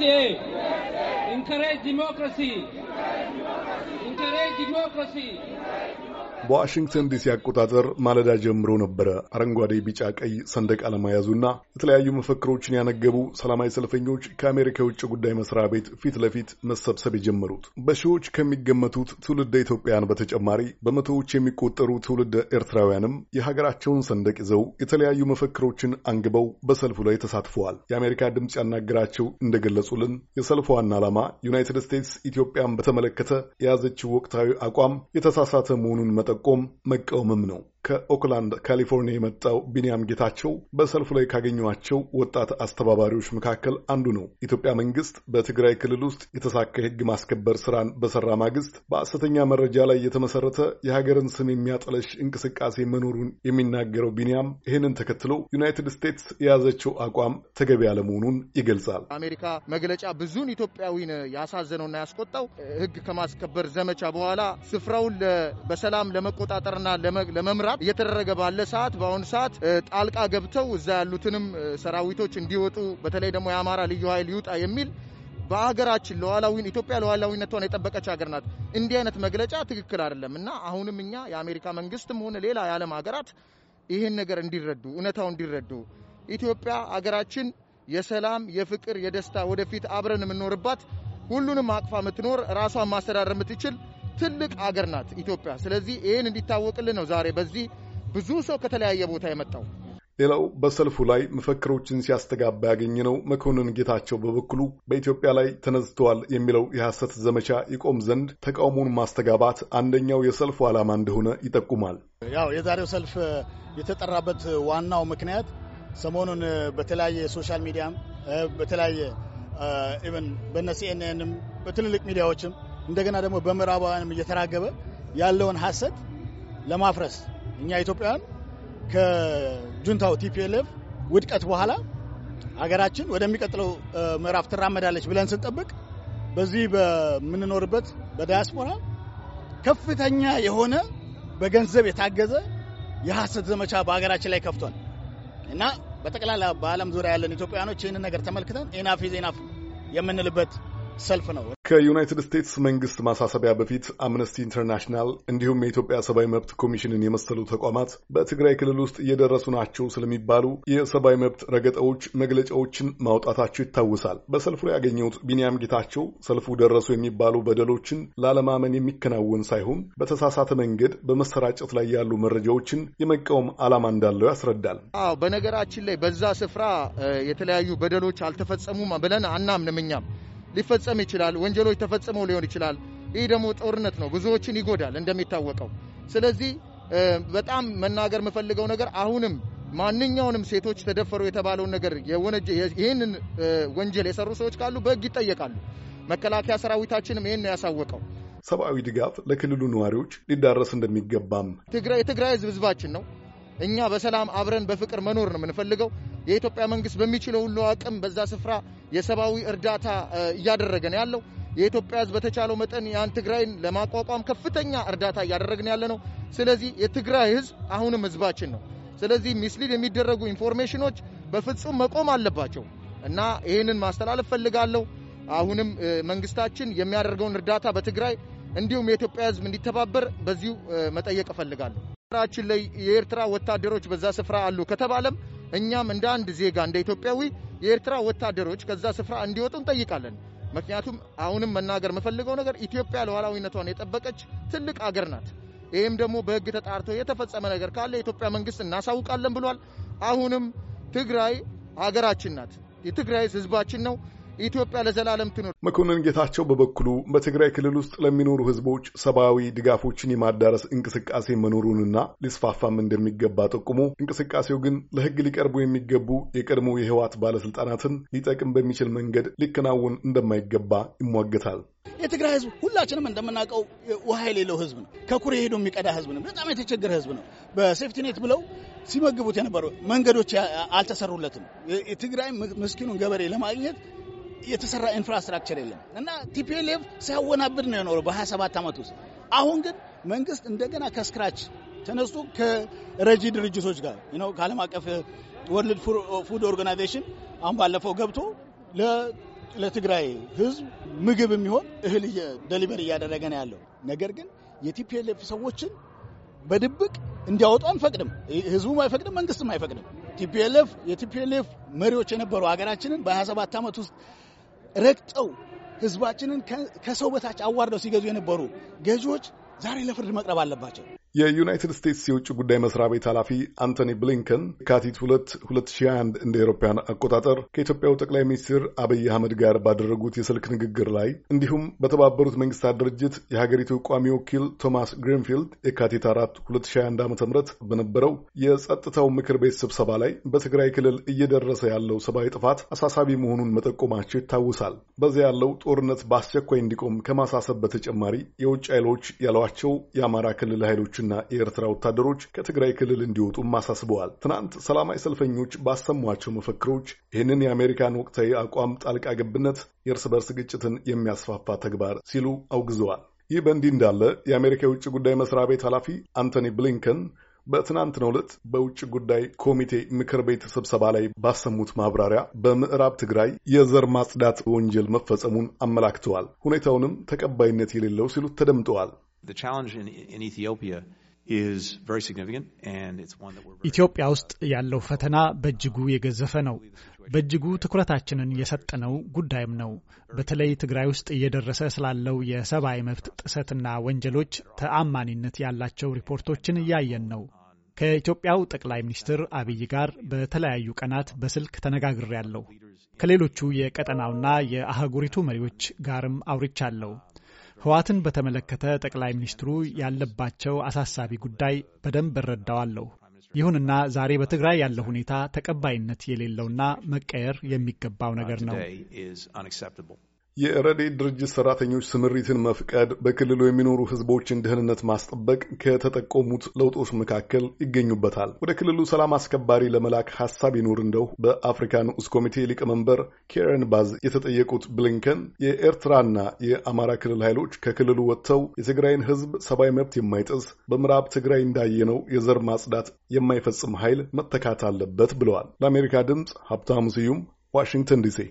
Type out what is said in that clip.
USA. USA. Encourage democracy. በዋሽንግተን ዲሲ አቆጣጠር ማለዳ ጀምሮ ነበረ አረንጓዴ፣ ቢጫ፣ ቀይ ሰንደቅ ዓላማ የያዙና የተለያዩ መፈክሮችን ያነገቡ ሰላማዊ ሰልፈኞች ከአሜሪካ የውጭ ጉዳይ መስሪያ ቤት ፊት ለፊት መሰብሰብ የጀመሩት። በሺዎች ከሚገመቱት ትውልደ ኢትዮጵያውያን በተጨማሪ በመቶዎች የሚቆጠሩ ትውልደ ኤርትራውያንም የሀገራቸውን ሰንደቅ ይዘው የተለያዩ መፈክሮችን አንግበው በሰልፉ ላይ ተሳትፈዋል። የአሜሪካ ድምፅ ያናገራቸው እንደገለጹልን የሰልፉ ዋና ዓላማ ዩናይትድ ስቴትስ ኢትዮጵያን በተመለከተ የያዘችው ወቅታዊ አቋም የተሳሳተ መሆኑን መጠቆም መቃወምም ነው። ከኦክላንድ ካሊፎርኒያ የመጣው ቢንያም ጌታቸው በሰልፉ ላይ ካገኟቸው ወጣት አስተባባሪዎች መካከል አንዱ ነው። ኢትዮጵያ መንግስት በትግራይ ክልል ውስጥ የተሳካ የህግ ማስከበር ስራን በሰራ ማግስት በአሰተኛ መረጃ ላይ የተመሰረተ የሀገርን ስም የሚያጠለሽ እንቅስቃሴ መኖሩን የሚናገረው ቢንያም ይህንን ተከትሎ ዩናይትድ ስቴትስ የያዘችው አቋም ተገቢ ያለመሆኑን ይገልጻል። አሜሪካ መግለጫ ብዙን ኢትዮጵያዊን ያሳዘነውና ያስቆጣው ህግ ከማስከበር ዘመቻ በኋላ ስፍራውን በሰላም ለመቆጣጠርና ለመምራት እየተደረገ ባለ ሰዓት በአሁኑ ሰዓት ጣልቃ ገብተው እዛ ያሉትንም ሰራዊቶች እንዲወጡ በተለይ ደግሞ የአማራ ልዩ ኃይል ይውጣ የሚል በሀገራችን ለዋላዊን ኢትዮጵያ ለዋላዊነቷን የጠበቀች ሀገር ናት። እንዲህ አይነት መግለጫ ትክክል አይደለም እና አሁንም እኛ የአሜሪካ መንግስትም ሆነ ሌላ የዓለም ሀገራት ይህን ነገር እንዲረዱ እውነታው እንዲረዱ ኢትዮጵያ ሀገራችን የሰላም የፍቅር፣ የደስታ ወደፊት አብረን የምንኖርባት ሁሉንም አቅፋ የምትኖር ራሷን ማስተዳደር የምትችል ትልቅ አገር ናት ኢትዮጵያ። ስለዚህ ይህን እንዲታወቅልን ነው ዛሬ በዚህ ብዙ ሰው ከተለያየ ቦታ የመጣው። ሌላው በሰልፉ ላይ መፈክሮችን ሲያስተጋባ ያገኘነው መኮንን ጌታቸው በበኩሉ በኢትዮጵያ ላይ ተነስተዋል የሚለው የሐሰት ዘመቻ ይቆም ዘንድ ተቃውሞን ማስተጋባት አንደኛው የሰልፉ ዓላማ እንደሆነ ይጠቁማል። ያው የዛሬው ሰልፍ የተጠራበት ዋናው ምክንያት ሰሞኑን በተለያየ ሶሻል ሚዲያም በተለያየ ኢቨን በነ ሲኤንኤንም በትልልቅ ሚዲያዎችም እንደገና ደግሞ በምዕራባውያንም እየተራገበ ያለውን ሀሰት ለማፍረስ እኛ ኢትዮጵያውያን ከጁንታው ቲፒኤልኤፍ ውድቀት በኋላ ሀገራችን ወደሚቀጥለው ምዕራፍ ትራመዳለች ብለን ስንጠብቅ በዚህ በምንኖርበት በዳያስፖራ ከፍተኛ የሆነ በገንዘብ የታገዘ የሀሰት ዘመቻ በሀገራችን ላይ ከፍቷል እና በጠቅላላ በዓለም ዙሪያ ያለን ኢትዮጵያውያኖች ይህንን ነገር ተመልክተን ኤናፍ ዜናፍ የምንልበት ሰልፍ ነው። ከዩናይትድ ስቴትስ መንግስት ማሳሰቢያ በፊት አምነስቲ ኢንተርናሽናል እንዲሁም የኢትዮጵያ ሰብአዊ መብት ኮሚሽንን የመሰሉ ተቋማት በትግራይ ክልል ውስጥ እየደረሱ ናቸው ስለሚባሉ የሰብአዊ መብት ረገጣዎች መግለጫዎችን ማውጣታቸው ይታወሳል። በሰልፉ ላይ ያገኘሁት ቢንያም ጌታቸው ሰልፉ ደረሱ የሚባሉ በደሎችን ላለማመን የሚከናወን ሳይሆን በተሳሳተ መንገድ በመሰራጨት ላይ ያሉ መረጃዎችን የመቃወም ዓላማ እንዳለው ያስረዳል። አዎ በነገራችን ላይ በዛ ስፍራ የተለያዩ በደሎች አልተፈጸሙም ብለን አናምንም እኛም ሊፈጸም ይችላል። ወንጀሎች ተፈጽመው ሊሆን ይችላል። ይህ ደግሞ ጦርነት ነው፣ ብዙዎችን ይጎዳል እንደሚታወቀው። ስለዚህ በጣም መናገር የምፈልገው ነገር አሁንም ማንኛውንም ሴቶች ተደፈሩ የተባለውን ነገር ይህንን ወንጀል የሰሩ ሰዎች ካሉ በሕግ ይጠየቃሉ። መከላከያ ሰራዊታችንም ይህን ነው ያሳወቀው። ሰብአዊ ድጋፍ ለክልሉ ነዋሪዎች ሊዳረስ እንደሚገባም የትግራይ ህዝብ ህዝባችን ነው። እኛ በሰላም አብረን በፍቅር መኖር ነው የምንፈልገው። የኢትዮጵያ መንግስት በሚችለው ሁሉ አቅም በዛ ስፍራ የሰብአዊ እርዳታ እያደረገ ነው ያለው። የኢትዮጵያ ህዝብ በተቻለው መጠን ያን ትግራይን ለማቋቋም ከፍተኛ እርዳታ እያደረግን ያለ ነው። ስለዚህ የትግራይ ህዝብ አሁንም ህዝባችን ነው። ስለዚህ ሚስሊድ የሚደረጉ ኢንፎርሜሽኖች በፍጹም መቆም አለባቸው እና ይህንን ማስተላለፍ ፈልጋለሁ። አሁንም መንግስታችን የሚያደርገውን እርዳታ በትግራይ እንዲሁም የኢትዮጵያ ህዝብ እንዲተባበር በዚሁ መጠየቅ እፈልጋለሁ። ራችን ላይ የኤርትራ ወታደሮች በዛ ስፍራ አሉ ከተባለም እኛም እንደ አንድ ዜጋ እንደ ኢትዮጵያዊ የኤርትራ ወታደሮች ከዛ ስፍራ እንዲወጡ እንጠይቃለን። ምክንያቱም አሁንም መናገር የምፈልገው ነገር ኢትዮጵያ ሉዓላዊነቷን የጠበቀች ትልቅ አገር ናት። ይህም ደግሞ በሕግ ተጣርቶ የተፈጸመ ነገር ካለ የኢትዮጵያ መንግስት እናሳውቃለን ብሏል። አሁንም ትግራይ ሀገራችን ናት። የትግራይ ህዝባችን ነው። ኢትዮጵያ ለዘላለም ትኖር። መኮንን ጌታቸው በበኩሉ በትግራይ ክልል ውስጥ ለሚኖሩ ህዝቦች ሰብአዊ ድጋፎችን የማዳረስ እንቅስቃሴ መኖሩንና ሊስፋፋም እንደሚገባ ጠቁሞ እንቅስቃሴው ግን ለህግ ሊቀርቡ የሚገቡ የቀድሞ የህወሓት ባለስልጣናትን ሊጠቅም በሚችል መንገድ ሊከናወን እንደማይገባ ይሟገታል። የትግራይ ህዝብ ሁላችንም እንደምናውቀው ውሃ የሌለው ህዝብ ነው። ከኩሬ ሄዶ የሚቀዳ ህዝብ ነው። በጣም የተቸገረ ህዝብ ነው። በሴፍቲኔት ብለው ሲመግቡት የነበሩ መንገዶች አልተሰሩለትም። የትግራይ ምስኪኑን ገበሬ ለማግኘት የተሰራ ኢንፍራስትራክቸር የለም እና ቲፒኤልኤፍ ሲያወናብድ ነው የኖረው በ27 ዓመት ውስጥ። አሁን ግን መንግስት እንደገና ከስክራች ተነስቶ ከረጂ ድርጅቶች ጋር ነው ከዓለም አቀፍ ወርልድ ፉድ ኦርጋናይዜሽን አሁን ባለፈው ገብቶ ለትግራይ ህዝብ ምግብ የሚሆን እህል ደሊቨር እያደረገ ነው ያለው። ነገር ግን የቲፒኤልኤፍ ሰዎችን በድብቅ እንዲያወጡ አንፈቅድም። ህዝቡም አይፈቅድም፣ መንግስትም አይፈቅድም። ቲፒኤልኤፍ የቲፒኤልኤፍ መሪዎች የነበሩ ሀገራችንን በ27 ዓመት ውስጥ ረግጠው ህዝባችንን ከሰው በታች አዋርደው ሲገዙ የነበሩ ገዢዎች ዛሬ ለፍርድ መቅረብ አለባቸው። የዩናይትድ ስቴትስ የውጭ ጉዳይ መስሪያ ቤት ኃላፊ አንቶኒ ብሊንከን የካቲት ሁለት 2021 እንደ አውሮፓውያን አቆጣጠር ከኢትዮጵያው ጠቅላይ ሚኒስትር አብይ አህመድ ጋር ባደረጉት የስልክ ንግግር ላይ እንዲሁም በተባበሩት መንግስታት ድርጅት የሀገሪቱ ቋሚ ወኪል ቶማስ ግሪንፊልድ የካቲት አራት 2021 ዓ ም በነበረው የጸጥታው ምክር ቤት ስብሰባ ላይ በትግራይ ክልል እየደረሰ ያለው ሰብአዊ ጥፋት አሳሳቢ መሆኑን መጠቆማቸው ይታወሳል። በዚያ ያለው ጦርነት በአስቸኳይ እንዲቆም ከማሳሰብ በተጨማሪ የውጭ ኃይሎች ያሏቸው የአማራ ክልል ኃይሎችን የኢትዮጵያና የኤርትራ ወታደሮች ከትግራይ ክልል እንዲወጡም አሳስበዋል። ትናንት ሰላማዊ ሰልፈኞች ባሰሟቸው መፈክሮች ይህንን የአሜሪካን ወቅታዊ አቋም ጣልቃ ገብነት የእርስ በርስ ግጭትን የሚያስፋፋ ተግባር ሲሉ አውግዘዋል። ይህ በእንዲህ እንዳለ የአሜሪካ የውጭ ጉዳይ መስሪያ ቤት ኃላፊ አንቶኒ ብሊንከን በትናንትናው ዕለት በውጭ ጉዳይ ኮሚቴ ምክር ቤት ስብሰባ ላይ ባሰሙት ማብራሪያ በምዕራብ ትግራይ የዘር ማጽዳት ወንጀል መፈጸሙን አመላክተዋል። ሁኔታውንም ተቀባይነት የሌለው ሲሉት ተደምጠዋል። ኢትዮጵያ ውስጥ ያለው ፈተና በእጅጉ የገዘፈ ነው። በእጅጉ ትኩረታችንን የሰጠነው ጉዳይም ነው። በተለይ ትግራይ ውስጥ እየደረሰ ስላለው የሰብአዊ መብት ጥሰትና ወንጀሎች ተአማኒነት ያላቸው ሪፖርቶችን እያየን ነው። ከኢትዮጵያው ጠቅላይ ሚኒስትር አብይ ጋር በተለያዩ ቀናት በስልክ ተነጋግሬያለሁ። ከሌሎቹ የቀጠናውና የአህጉሪቱ መሪዎች ጋርም አውርቻለሁ። ህዋትን በተመለከተ ጠቅላይ ሚኒስትሩ ያለባቸው አሳሳቢ ጉዳይ በደንብ እረዳዋለሁ። ይሁንና ዛሬ በትግራይ ያለው ሁኔታ ተቀባይነት የሌለውና መቀየር የሚገባው ነገር ነው። የረድኤት ድርጅት ሰራተኞች ስምሪትን መፍቀድ በክልሉ የሚኖሩ ህዝቦችን ደህንነት ማስጠበቅ ከተጠቆሙት ለውጦች መካከል ይገኙበታል። ወደ ክልሉ ሰላም አስከባሪ ለመላክ ሀሳብ ይኖር እንደው በአፍሪካ ንዑስ ኮሚቴ ሊቀመንበር ኬረን ባዝ የተጠየቁት ብሊንከን የኤርትራና የአማራ ክልል ኃይሎች ከክልሉ ወጥተው የትግራይን ህዝብ ሰብአዊ መብት የማይጥስ በምዕራብ ትግራይ እንዳየነው የዘር ማጽዳት የማይፈጽም ኃይል መተካት አለበት ብለዋል። ለአሜሪካ ድምፅ ሀብታሙ ስዩም ዋሽንግተን ዲሲ